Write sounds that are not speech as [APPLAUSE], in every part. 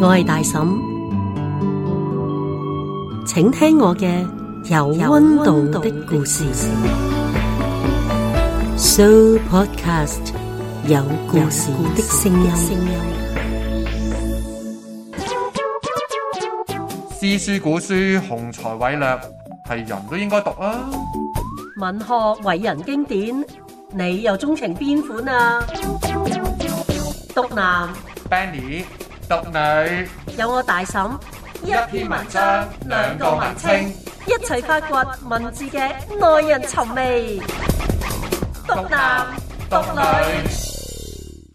我係大嬸，請聽我嘅有温度的故事。So podcast 有故事的聲音。詩書古書，雄才偉略係人都應該讀啊！文學偉人經典，你又鍾情邊款啊？男，Benny，毒女，有我大嬸，一篇文章，兩個文稱，一齊發掘文字嘅耐人尋味。毒男，毒女，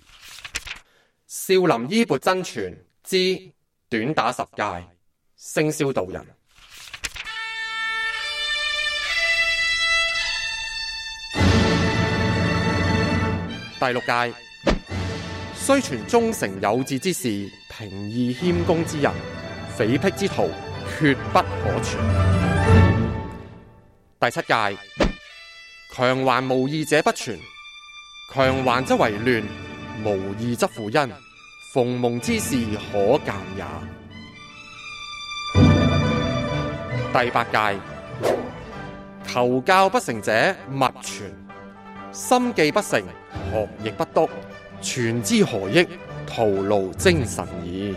少林衣缽真傳之短打十戒，聲宵道人，第六屆。雖傳忠誠有志之士、平易謙恭之人、匪僻之徒，絕不可傳。第七戒，強橫無義者不傳，強橫則為亂，無義則負恩，逢蒙之事可鑒也。第八戒，求教不成者勿傳，心計不成，學亦不篤。存之何益？徒勞精神矣。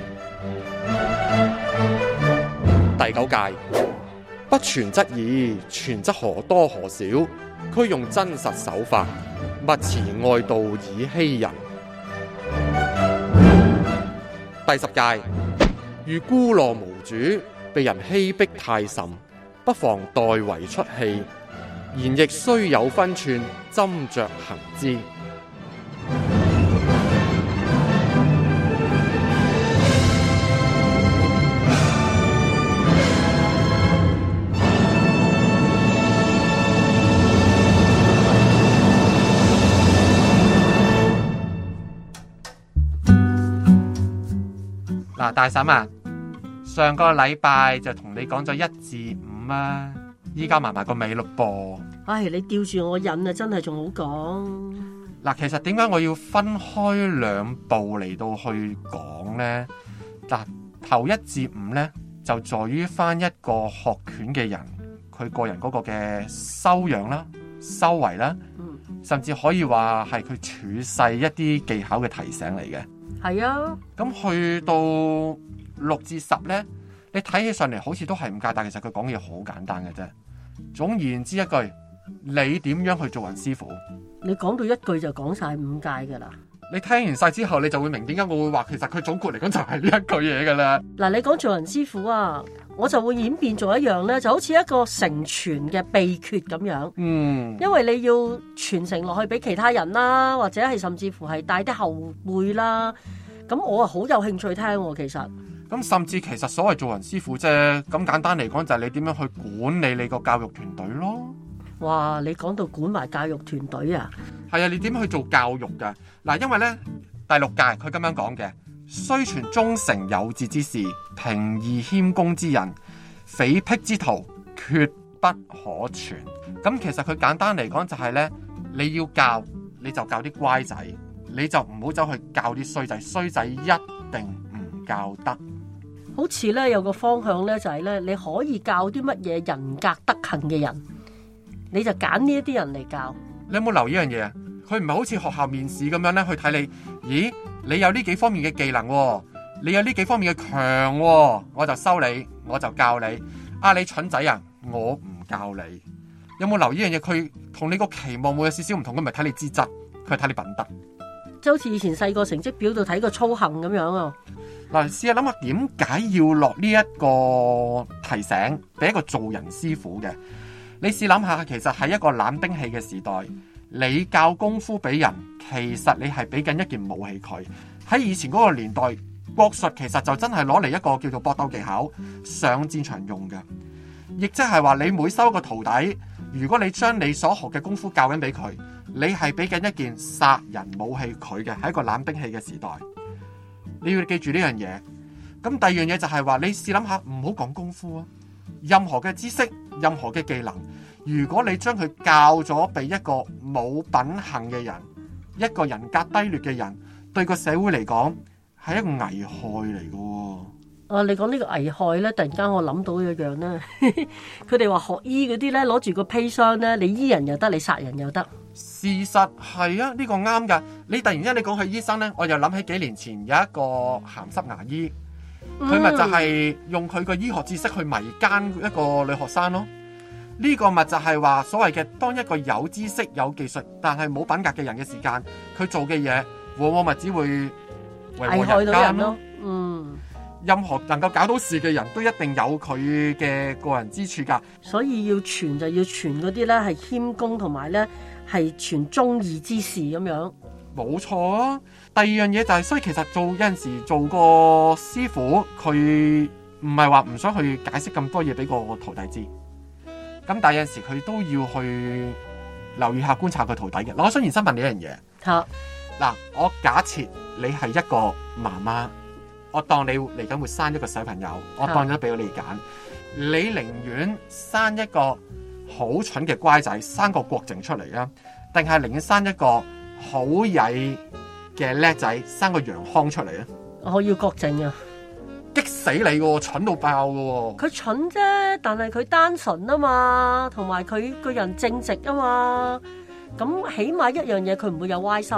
第九戒：不存則已，存則何多何少？須用真實手法，勿恃外道以欺人。第十戒：如孤落無主，被人欺逼太甚，不妨代為出氣，然亦須有分寸，斟酌行之。大嬸啊，上個禮拜就同你講咗一至五啊，依家埋埋個尾六噃。唉、哎，你吊住我癮啊，真係仲好講。嗱，其實點解我要分開兩步嚟到去講呢？嗱、啊，頭一至五呢，就在於翻一個學拳嘅人，佢個人嗰個嘅修養啦、修為啦，甚至可以話係佢處世一啲技巧嘅提醒嚟嘅。係啊，咁去到六至十咧，你睇起上嚟，好似都係五戒，但其實佢講嘢好簡單嘅啫。總言之一句，你點樣去做人師傅？你講到一句就講晒五戒噶啦。你聽完晒之後，你就會明點解我會話，其實佢總括嚟講就係呢一句嘢噶啦。嗱， [LAUGHS] 你講做人師傅啊。我就會演變做一樣咧，就好似一個成傳嘅秘訣咁樣。嗯，因為你要傳承落去俾其他人啦，或者係甚至乎係帶啲後輩啦。咁我啊好有興趣聽喎、啊，其實。咁甚至其實所謂做人師傅啫，咁簡單嚟講就係你點樣去管理你個教育團隊咯。哇，你講到管埋教育團隊啊？係啊，你點樣去做教育噶？嗱，因為咧第六屆佢咁樣講嘅。雖傳忠誠有志之士，平易謙恭之人，匪僻之徒，決不可傳。咁其實佢簡單嚟講就係、是、呢你要教你就教啲乖仔，你就唔好走去教啲衰仔，衰仔一定唔教得。好似呢，有個方向呢就係呢你可以教啲乜嘢人格德行嘅人，你就揀呢一啲人嚟教。你有冇留意樣嘢？佢唔係好似學校面試咁樣咧，去睇你，咦？你有呢幾方面嘅技能，哦，你有呢幾方面嘅強，哦，我就收你，我就教你。啊，你蠢仔啊，我唔教你。有冇留意呢樣嘢？佢同你個期望會有少少唔同，佢唔係睇你資質，佢係睇你品德。就好似以前細個成績表度睇個操行咁樣啊。嗱，試下諗下點解要落呢一個提醒，俾一個做人師傅嘅。你試諗下，其實係一個冷兵器嘅時代。你教功夫俾人，其實你係俾緊一件武器佢。喺以前嗰個年代，國術其實就真係攞嚟一個叫做搏鬥技巧，上戰場用嘅。亦即係話，你每收一個徒弟，如果你將你所學嘅功夫教緊俾佢，你係俾緊一件殺人武器佢嘅，係一個冷兵器嘅時代。你要記住呢樣嘢。咁第二樣嘢就係話，你試諗下，唔好講功夫啊，任何嘅知識，任何嘅技能。如果你將佢教咗俾一個冇品行嘅人，一個人格低劣嘅人，對個社會嚟講係一個危害嚟嘅。哦、啊，你講呢個危害咧，突然間我諗到一樣咧，佢哋話學醫嗰啲咧，攞住個砒霜咧，你醫人又得，你殺人又得。事實係啊，呢、這個啱噶。你突然間你講起醫生咧，我又諗起幾年前有一個咸濕牙醫，佢、嗯、咪就係用佢個醫學知識去迷奸一個女學生咯。呢、這個咪就係話，所謂嘅當一個有知識、有技術，但係冇品格嘅人嘅時間，佢做嘅嘢往往咪只會維維危害到人咯。嗯，任何能夠搞到事嘅人都一定有佢嘅個人之處噶。所以要傳就要傳嗰啲咧係謙恭，同埋咧係傳忠義之事咁樣。冇錯啊。第二樣嘢就係、是，所以其實做有陣時候做個師傅，佢唔係話唔想去解釋咁多嘢俾個徒弟知。咁但有陣時佢都要去留意下觀察佢徒弟嘅。我想延伸問你一樣嘢。好，嗱，我假設你係一個媽媽，我當你嚟緊會生一個小朋友，我當咗俾咗你揀，你寧願生一個好蠢嘅乖仔，生個郭靖出嚟咧，定係寧願生一個好曳嘅叻仔，生個楊康出嚟咧？我要郭靖啊！激死你喎，哦！蠢到爆㗎，哦，喎！佢蠢啫，但係佢單純啊嘛，同埋佢個人正直啊嘛，咁起碼一樣嘢佢唔會有歪心。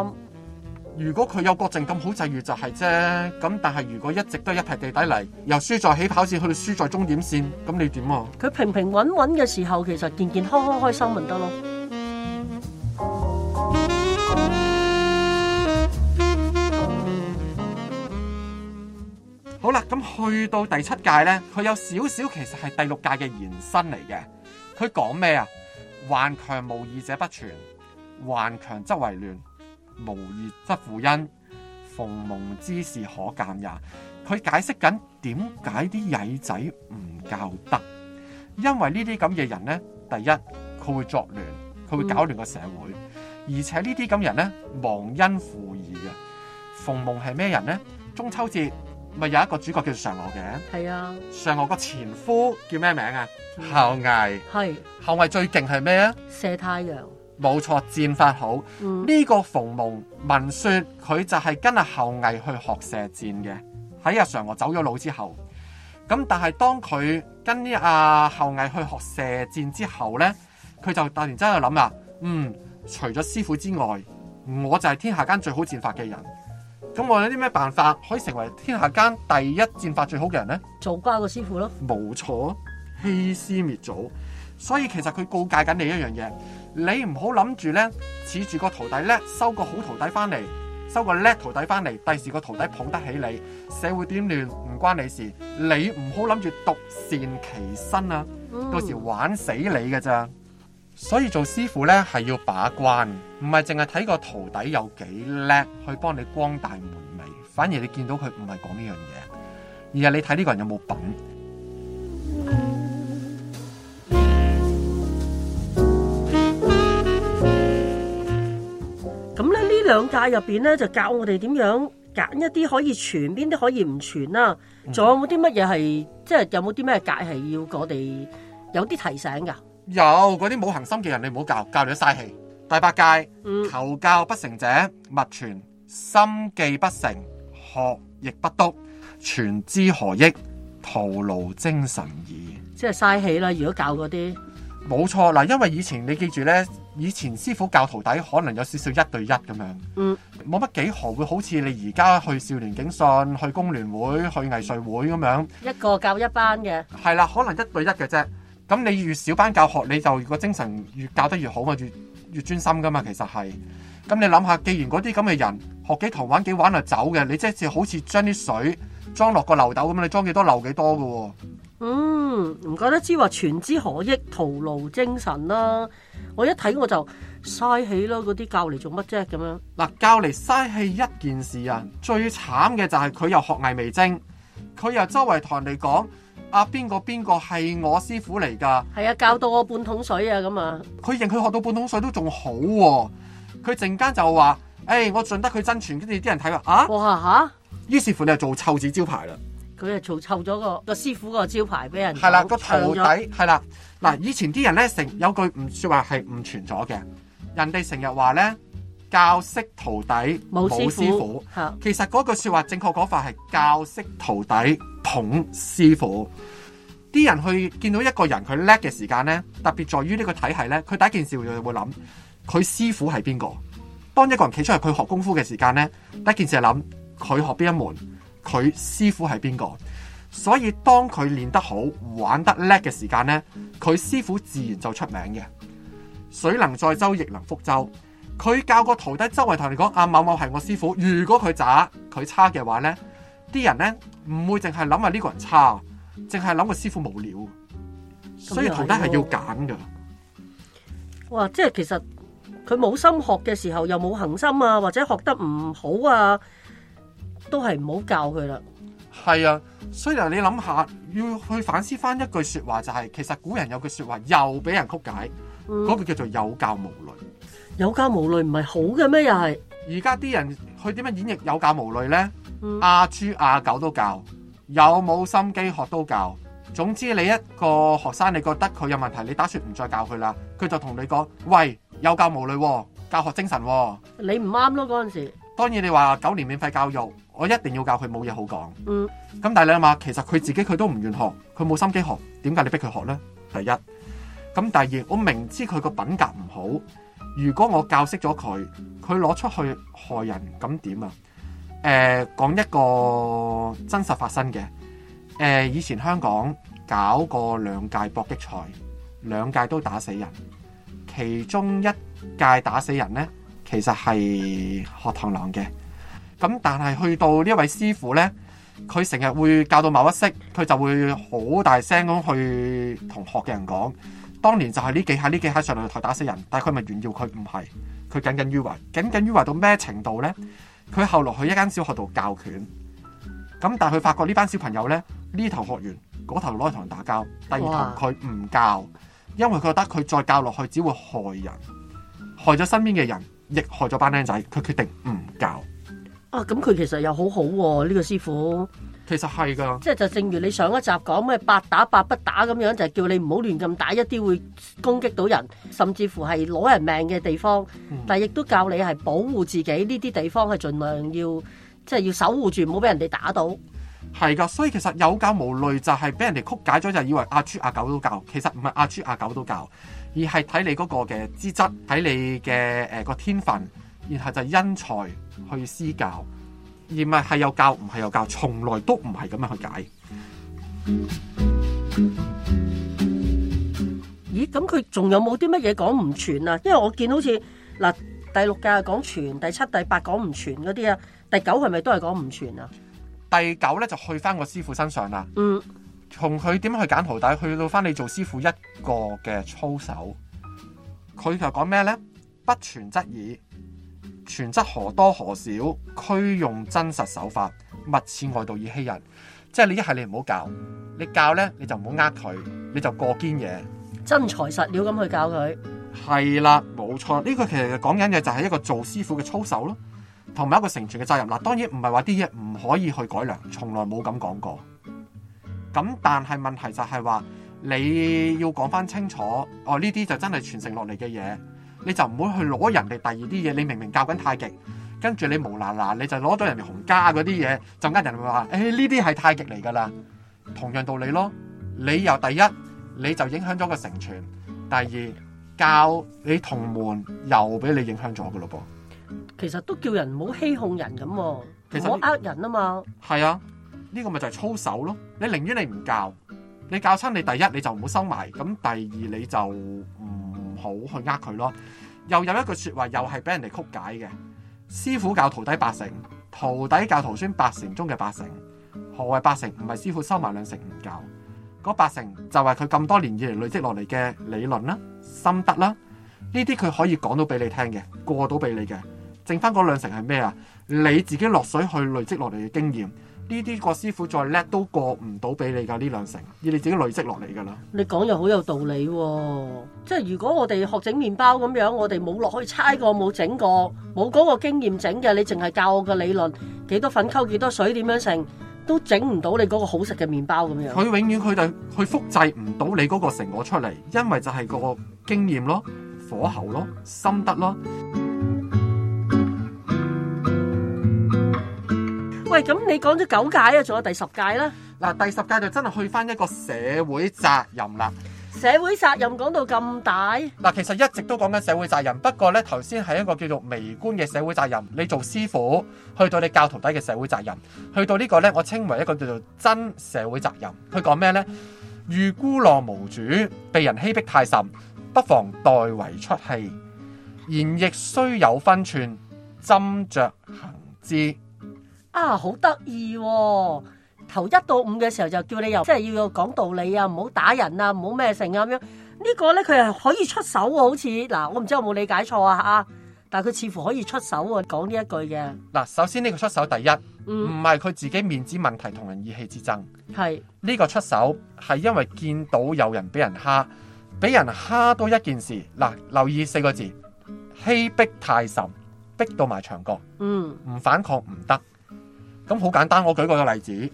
如果佢有郭靖咁好際遇就係，是，啫，咁但係如果一直都係一皮地底嚟，由輸在起跑線去到輸在終點線，咁你點啊？佢平平穩穩嘅時候，其實健健康康開心咪得咯。去到第七屆呢，佢有少少其實係第六屆嘅延伸嚟嘅。佢講咩啊？頑強無義者不存，頑強則為亂，無義則負恩。逢蒙之事可鑒也。佢解釋緊點解啲曳仔唔夠得？因為呢啲咁嘅人呢，第一佢會作亂，佢會搞亂個社會，嗯、而且呢啲咁人呢，忘恩負義嘅。逢蒙係咩人呢？中秋節。咪有一個主角叫嫦娥嘅，係啊，嫦娥個前夫叫咩名啊？后、嗯、羿，係后羿，最勁係咩啊？射太陽，冇錯，戰法好。呢、嗯，呢個馮蒙聞説佢就係跟阿後羿去學射箭嘅。喺阿嫦娥走咗路之後，咁但係當佢跟呢阿後羿去學射箭之後呢，佢就突然之間就諗啊，嗯，除咗師傅之外，我就係天下間最好戰法嘅人。咁我有啲咩辦法可以成為天下間第一戰法最好嘅人呢？做瓜個師傅咯，冇錯，欺師滅祖。所以其實佢告誡緊你一樣嘢，你唔好諗住呢，恃住個徒弟叻，收個好徒弟翻嚟，收個叻徒弟翻嚟，第時個徒弟抱得起你，社會點亂唔關你事。你唔好諗住獨善其身啊，嗯、到時玩死你㗎咋。所以做師傅咧，係要把關，唔係淨係睇，個徒弟有幾叻，去幫你光大門楣。反而你見到佢唔係講呢樣嘢，而係你睇呢個人有冇品。咁咧，呢兩屆入邊咧，就教我哋點樣揀一啲可以傳，邊啲可以唔傳啦。仲有冇啲乜嘢係，即係有冇啲咩屆係要我哋有啲提醒㗎？有嗰啲冇恒心嘅人，你唔好教，教你嘥氣。第八戒、嗯，求教不成者勿傳，心技不成，學亦不篤，傳之何益？徒勞精神矣。即係嘥氣啦！如果教嗰啲，冇錯嗱，因為以前你記住呢，以前師傅教徒弟可能有少少一對一咁樣，嗯、冇乜幾何會好似你而家去少年警訊、去工聯會、去藝術會咁樣，一個教一班嘅，係啦，可能一對一嘅啫。咁你越小班教學，你就個精神越教得越好嘛，越越專心噶嘛，其實係。咁你諗下，既然嗰啲咁嘅人學幾堂玩幾玩就走嘅，你即係好似將啲水裝落個漏斗咁，你裝幾多漏幾多嘅喎、啊。嗯，唔覺得知之話全知可益徒勞精神啦、啊。我一睇我就嘥氣咯，嗰啲教嚟做乜啫咁樣。嗱，教嚟嘥氣一件事啊，最慘嘅就係佢又學藝未精，佢又周圍同人哋講。阿、啊、邊個邊個係我師傅嚟噶？係啊，教到我半桶水啊咁啊！佢認佢學到半桶水都仲好喎、啊，佢陣間就話，誒、欸，我盡得佢真傳，跟住啲人睇話，啊，哇吓！於、啊、是乎你就做臭紙招牌啦。佢係做臭咗個個師傅個招牌俾人。係啦、啊，個徒弟係啦，嗱、嗯啊，以前啲人咧成有句唔說話係誤傳咗嘅，人哋成日話咧教識徒弟冇師傅、啊，其實嗰句說話正確講法係教識徒弟。同師傅啲人去見到一個人佢叻嘅時間呢，特別在於呢個體系呢，佢第一件事就會諗佢師傅係邊個。當一個人企出嚟佢學功夫嘅時間呢，第一件事係諗佢學邊一門，佢師傅係邊個。所以當佢練得好、玩得叻嘅時間呢，佢師傅自然就出名嘅。水能載舟，亦能覆舟。佢教個徒弟，周圍同你講：阿某某係我師傅。如果佢渣、佢差嘅話呢。啲人咧，唔會淨係諗啊呢個人差，淨係諗個師傅無聊。嗯、所以徒弟係要揀噶、嗯。哇！即係其實佢冇心學嘅時候，又冇恒心啊，或者學得唔好啊，都係唔好教佢啦。係啊，所以你諗下，要去反思翻一句說話，就是，就係其實古人有句說話又俾人曲解，嗰、嗯、句、那個、叫做有教無類。有教無類唔係好嘅咩？又係而家啲人去點樣演繹有教無類咧？阿豬阿狗都教，有冇心機學都教。總之你一個學生，你覺得佢有問題，你打算唔再教佢啦？佢就同你講：喂，有教無類、喎，教學精神、喎。你唔啱咯。嗰陣時候，當然你話九年免費教育，我一定要教佢冇嘢好講。嗯，咁但係你諗下，其實佢自己佢都唔願學，佢冇心機學，點解你逼佢學呢？第一，咁第二，我明知佢個品格唔好，如果我教識咗佢，佢攞出去害人，咁點啊？誒、呃、講一個真實發生嘅，誒、呃、以前香港搞過兩屆搏擊賽，兩屆都打死人，其中一屆打死人呢，其實係學螳螂嘅。咁但係去到呢一位師傅呢，佢成日會教到某一式，佢就會好大聲咁去同學嘅人講，當年就係呢幾下呢幾下上嚟擂台打死人，但佢咪炫耀佢唔係，佢耿耿於懷，耿耿於懷到咩程度呢？」佢後來去一間小學度教拳，咁但係佢發覺呢班小朋友咧呢頭學完，嗰頭攞嚟同人打交，第二頭佢唔教，因為佢覺得佢再教落去只會害人，害咗身邊嘅人，亦害咗班僆仔，佢決定唔教。啊，咁佢其實又好好喎呢個師傅。其實係㗎，即係就正如你上一集講咩八打八不打咁樣，就係叫你唔好亂咁打一啲會攻擊到人，甚至乎係攞人命嘅地方。嗯、但係亦都教你係保護自己呢啲地方，係儘量要即係、就係、要守護住，唔好俾人哋打到。係㗎，所以其實有教無類就係俾人哋曲解咗，就以為阿豬阿狗都教，其實唔係阿豬阿狗都教，而係睇你嗰個嘅資質，睇你嘅誒個天分，然後就因材去施教。嗯而咪係有教，唔係有教，從來都唔係咁樣去解。咦？咁佢仲有冇啲乜嘢講唔全啊？因為我見好似嗱，第六教係講全，第七、第八講唔全嗰啲啊，第九係咪都係講唔全啊？第九咧就去翻個師傅身上啦。嗯。從佢點樣去揀徒弟，去到翻你做師傅一個嘅操守，佢就講咩咧？不全則已。全則何多何少，虛用真實手法，勿似外道以欺人。即係你一係你唔好教，你教呢，你就唔好呃佢，你就過堅嘢，真材實料咁去教佢。係啦，冇錯，呢個其實講緊嘅就係一個做師傅嘅操守咯，同埋一個承傳嘅責任。嗱，當然唔係話啲嘢唔可以去改良，從來冇咁講過。咁但係問題就係話你要講翻清楚，哦，呢啲就真係傳承落嚟嘅嘢。你就唔好去攞人哋第二啲嘢，你明明教緊太極，跟住你無啦啦你就攞咗人哋洪家嗰啲嘢，陣間人會話，誒呢啲係太極嚟㗎啦，同樣道理咯。你又第一你就影響咗個成全；第二教你同門又俾你影響咗㗎咯噃。其實都叫人唔好欺哄人咁、啊，唔好呃人啊嘛。係啊，呢個咪就係操守咯。你寧願你唔教，你教親你第一你就唔好收埋，咁第二你就唔。好去呃佢咯，又有一句說話，又係俾人哋曲解嘅。師傅教徒弟八成，徒弟教徒孫八成中嘅八成，何謂八成？唔係師傅收埋兩成唔教，嗰八成就係佢咁多年以嚟累積落嚟嘅理論啦、啊、心得啦、啊，呢啲佢可以講到俾你聽嘅，過到俾你嘅，剩翻嗰兩成係咩啊？你自己落水去累積落嚟嘅經驗。呢啲個師傅再叻都過唔到俾你㗎，呢兩成要你自己累積落嚟㗎啦。你講又好有道理喎，即係如果我哋學整麵包咁樣，我哋冇落去猜過冇整過，冇嗰個經驗整嘅，你淨係教我個理論，幾多粉溝幾多水點樣成，都整唔到你嗰個好食嘅麵包咁樣。佢永遠佢哋去複製唔到你嗰個成果出嚟，因為就係個經驗咯、火候咯、心得咯。咁你講咗九屆啊，仲有第十屆啦。嗱，第十屆就真係去返一個社會責任啦。社會責任講到咁大，嗱，其實一直都講緊社會責任。不過呢，頭先係一個叫做微觀嘅社會責任。你做師傅，去到你教徒弟嘅社會責任，去到呢個呢，我稱為一個叫做真社會責任。佢講咩呢？「如孤弱無主，被人欺逼太甚，不妨代為出氣，然亦須有分寸，斟酌行之。」啊，好得意喎！頭一到五嘅時候就叫你又即係要講道理啊，唔好打人啊，唔好咩成啊咁樣，呢個呢，佢係可以出手喎。好似嗱、啊，我唔知我有冇理解錯啊？啊，但係佢似乎可以出手啊。講呢一句嘅嗱。首先呢、這個出手第一，唔係佢自己面子問題同人意氣之爭係呢、這個出手係因為見到有人俾人蝦俾人蝦，多一件事嗱、啊，留意四個字欺逼太甚，逼到埋牆角，嗯，唔反抗唔得。咁好簡單，我舉個例子，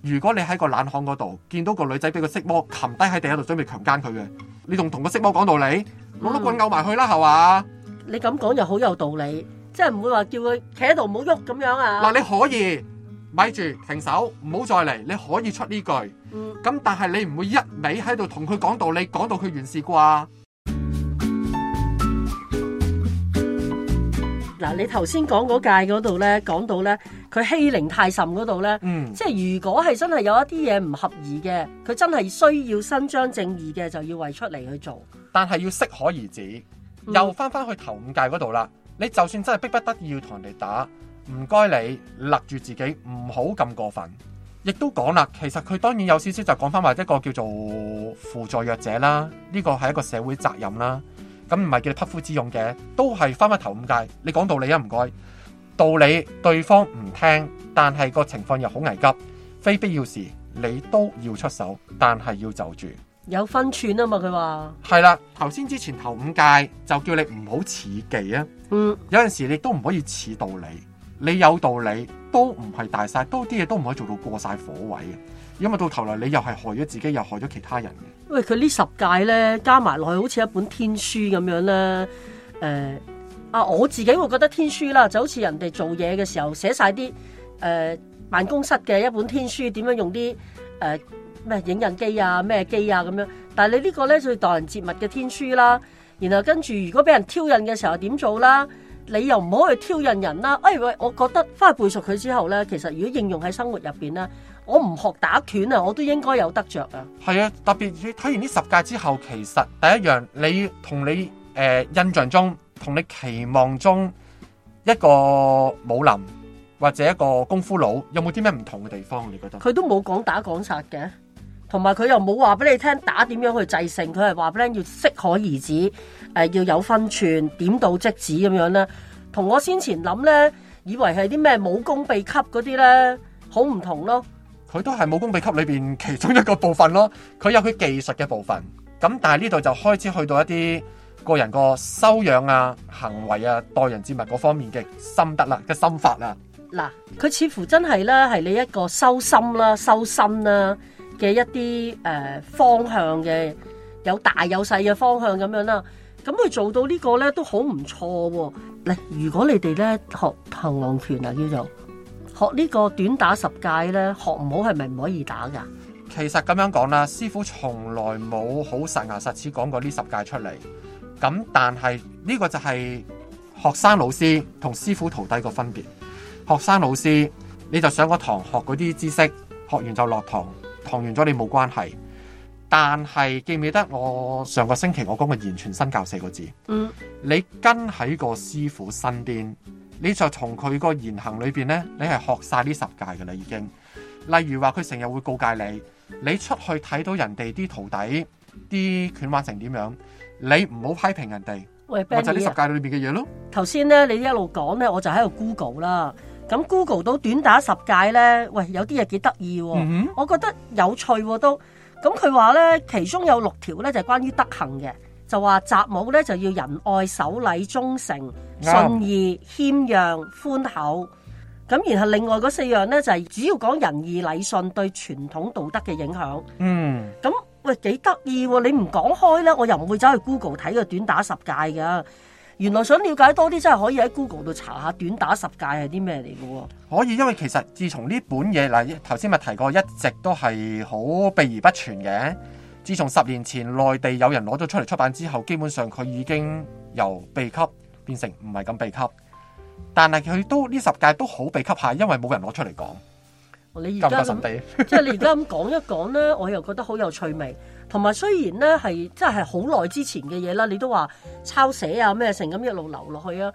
如果你喺個冷巷嗰度見到個女仔俾個色魔擒低喺地下度準備強奸佢嘅，你仲同個色魔講道理，攞碌棍咬埋佢啦，係、嗯、嘛？你咁講又好有道理，即係唔會話叫佢企喺度唔好喐咁樣啊？嗱，你可以咪住停手，唔好再嚟，你可以出呢句。咁、嗯、但係你唔會一味喺度同佢講道理講到佢完事啩？嗱、嗯，你頭先講嗰屆嗰度咧，講到咧，佢欺凌太甚嗰度咧，即係如果係真係有一啲嘢唔合宜嘅，佢真係需要伸張正義嘅，就要為出嚟去做，但係要適可而止。又翻翻去頭五屆嗰度啦，你就算真係逼不得已要同人哋打，唔該你勒住自己，唔好咁過分。亦都講啦，其實佢當然有少少就講翻話一個叫做輔助弱者啦，呢、這個係一個社會責任啦。咁唔係叫你匹夫之勇嘅，都係翻翻頭五戒。你講道理啊，唔該。道理對方唔聽，但係個情況又好危急，非必要時，你都要出手，但係要就住。有分寸啊嘛，佢話。係啦，頭先之前頭五戒就叫你唔好似忌啊。嗯。有陣時你都唔可以似道理，你有道理都唔係大晒，多啲嘢都唔可以做到過晒火位。因為到頭嚟你又係害咗自己，又害咗其他人嘅。喂，佢呢十界咧加埋落去，好似一本天書咁樣啦。誒、呃、啊，我自己會覺得天書啦，就好似人哋做嘢嘅時候寫晒啲誒辦公室嘅一本天書，點樣用啲誒咩影印機啊咩機啊咁樣。但係你這個呢個咧就係待人接物嘅天書啦。然後跟住如果俾人挑釁嘅時候點做啦？你又唔好去挑釁人啦。哎喂，我覺得返去背熟佢之後咧，其實如果應用喺生活入邊咧。我唔學打拳啊，我都應該有得着啊。係啊，特別你睇完呢十屆之後，其實第一樣，你同你誒印象中，同你期望中一個武林或者一個功夫佬，有冇啲咩唔同嘅地方？你覺得？佢都冇講打講殺嘅，同埋佢又冇話俾你聽打點樣去制勝，佢係話俾你聽要適可而止，誒要有分寸，點到即止咁樣啦。同我先前諗咧，以為係啲咩武功秘笈嗰啲咧，好唔同咯。佢都係武功秘笈裏邊其中一個部分咯，佢有佢技術嘅部分，咁但係呢度就開始去到一啲個人個修養啊、行為啊、待人接物嗰方面嘅心得啦、嘅心法啦。嗱，佢似乎真係咧，係你一個修心啦、修心啦嘅一啲誒方向嘅有大有細嘅方向咁樣啦。咁佢做到呢個咧都好唔錯喎。嗱，如果你哋咧學螳螂拳啊，叫做。學呢個短打十戒呢，學唔好係咪唔可以打噶？其實咁樣講啦，師傅從來冇好實牙實齒講過呢十戒出嚟。咁但係呢個就係學生老師同師傅徒弟個分別。學生老師你就上個堂學嗰啲知識，學完就落堂，堂完咗你冇關係。但係記唔記得我上個星期我講嘅言傳身教四個字？嗯，你跟喺個師傅身邊。你就從佢個言行裏邊咧，你係學晒呢十戒嘅啦，已經。例如話佢成日會告誡你，你出去睇到人哋啲徒弟啲拳法成點樣，你唔好批評人哋，喂，我就呢十戒裏邊嘅嘢咯。頭先咧，你一路講咧，我就喺度 Google 啦。咁 Google 到短打十戒咧，喂，有啲嘢幾得意喎，mm-hmm. 我覺得有趣喎都。咁佢話咧，其中有六條咧就係關於德行嘅。就話習武咧就要仁愛守禮忠誠、oh. 信義謙讓寬厚，咁然後另外嗰四樣咧就係、是、主要講仁義禮信對傳統道德嘅影響。嗯、mm.，咁喂，幾得意，你唔講開咧，我又唔會走去 Google 睇個短打十戒噶原來想了解多啲，真係可以喺 Google 度查下短打十戒係啲咩嚟噶。可以，因為其實自從呢本嘢嗱，頭先咪提過，一直都係好避而不傳嘅。自從十年前內地有人攞咗出嚟，出版之後，基本上佢已經由秘笈變成唔係咁秘笈，但係佢都呢十屆都好秘笈下，因為冇人攞出嚟講。你而家即係你而家咁講一講呢，我又覺得好有趣味。同埋雖然呢係即係好耐之前嘅嘢啦，你都話抄寫啊咩成咁一路流落去啊，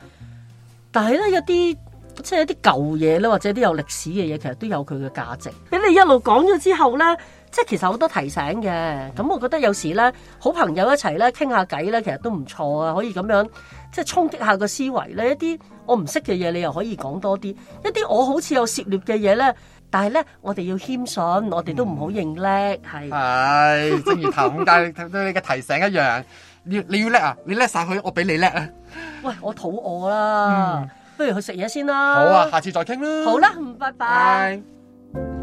但係呢，有啲即係一啲舊嘢呢，或者啲有歷史嘅嘢，其實都有佢嘅價值。俾你一路講咗之後呢。即係其實好多提醒嘅，咁我覺得有時咧，好朋友一齊咧傾下偈咧，其實都唔錯啊，可以咁樣即係衝擊下個思維咧。一啲我唔識嘅嘢，你又可以講多啲。一啲我好似有涉獵嘅嘢咧，但係咧我哋要謙遜，我哋都唔好認叻係。係、哎、正如頭先講你嘅提醒一樣，你，你要叻啊，你叻曬佢，我俾你叻啊。喂，我肚餓啦，嗯，不如去食嘢先啦。好啊，下次再傾啦。好啦，拜拜。Bye